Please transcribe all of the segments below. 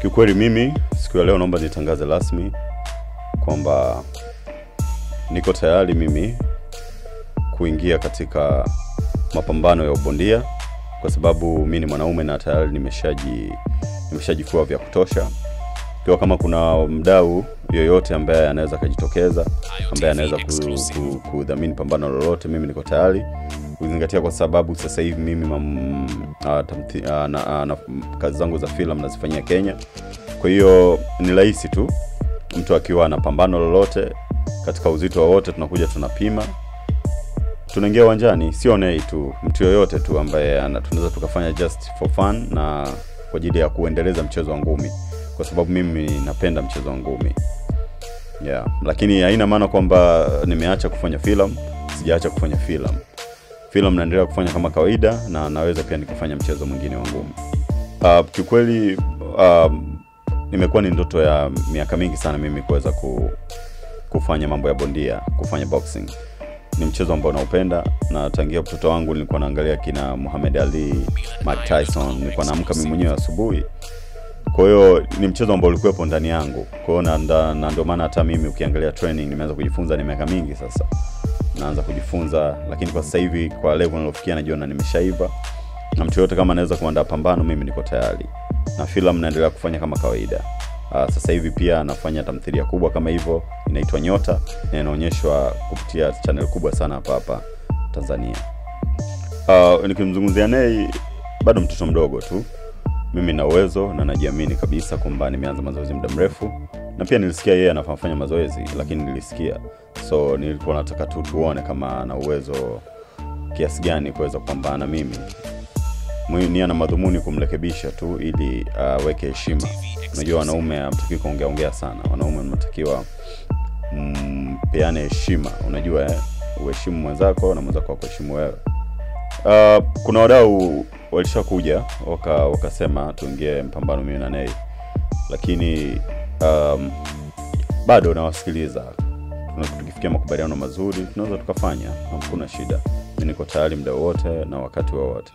Kiukweli mimi siku ya leo naomba nitangaze rasmi kwamba niko tayari mimi kuingia katika mapambano ya ubondia kwa sababu mi ni mwanaume na tayari nimeshaji vya kutosha. Ikiwa kama kuna mdau yoyote ambaye anaweza akajitokeza, ambaye anaweza kudhamini pambano lolote, mimi niko tayari kuzingatia, kwa sababu sasa hivi mimi mam, a, ah, tamthi, a, ah, na, a, ah, na, kazi zangu za filamu nazifanyia Kenya. Kwa hiyo ni rahisi tu mtu akiwa na pambano lolote katika uzito wowote, tunakuja tunapima tunaingia uwanjani, sio nei tu, mtu yoyote tu ambaye tunaweza tukafanya just for fun na kwa ajili ya kuendeleza mchezo wa ngumi, kwa sababu mimi napenda mchezo wa ngumi yeah. Lakini haina maana kwamba nimeacha kufanya filamu, sijaacha kufanya filamu. Filamu naendelea kufanya kama kawaida, na naweza pia nikafanya mchezo mwingine wa ngumi. Uh, ah, kiukweli uh, nimekuwa ni ndoto ya miaka mingi sana mimi kuweza ku, kufanya mambo ya bondia, kufanya boxing. Ni mchezo ambao naupenda na tangia mtoto wangu nilikuwa naangalia kina Muhammad Ali, Mike Tyson, nilikuwa naamka mimi mwenyewe asubuhi kwa hiyo ni mchezo ambao ulikuwepo ndani yangu. Kwa hiyo na, na ndio maana hata mimi ukiangalia training nimeanza kujifunza ni miaka mingi sasa. Naanza kujifunza lakini kwa sasa hivi kwa level nilofikia najiona nimeshaiva. Na mtu yote kama anaweza kuandaa pambano mimi niko tayari. Na filamu naendelea kufanya kama kawaida. Uh, sasa hivi pia anafanya tamthilia kubwa kama hivyo inaitwa Nyota na inaonyeshwa kupitia channel kubwa sana hapa hapa Tanzania. Uh, nikimzungumzia Nay bado mtoto mdogo tu mimi na uwezo na najiamini kabisa kwamba nimeanza mazoezi muda mrefu na pia nilisikia yeye anafanya mazoezi lakini nilisikia so nilikuwa nataka tu tuone kama ana uwezo kiasi gani kuweza kupambana mimi ni ana madhumuni kumrekebisha tu ili aweke uh, heshima unajua wanaume hamtakiwi kuongea ongea sana wanaume mnatakiwa mpeane mm, heshima unajua eh, uheshimu mwenzako na mwenzako akuheshimu wewe uh, kuna wadau walishakuja waka wakasema tuingie mpambano mimi na nei lakini um, bado nawasikiliza tukifikia makubaliano mazuri tunaweza tukafanya, hakuna shida. Mi niko tayari muda wowote na wakati wowote.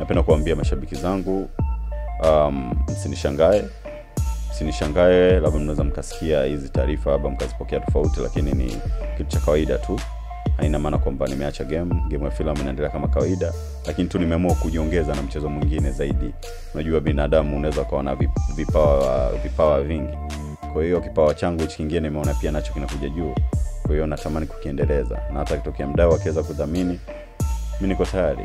Napenda kuwambia mashabiki zangu um, msinishangae msinishangae, labda mnaweza mkasikia hizi taarifa labda mkazipokea tofauti, lakini ni kitu cha kawaida tu haina maana kwamba nimeacha game game ya filamu inaendelea kama kawaida lakini tu nimeamua kujiongeza na mchezo mwingine zaidi unajua binadamu unaweza ukawa na vipawa vipawa vingi kwa hiyo kipawa changu hichi kingine nimeona pia nacho kinakuja juu kwa hiyo natamani kukiendeleza na hata kitokea mdau akiweza kudhamini mi niko tayari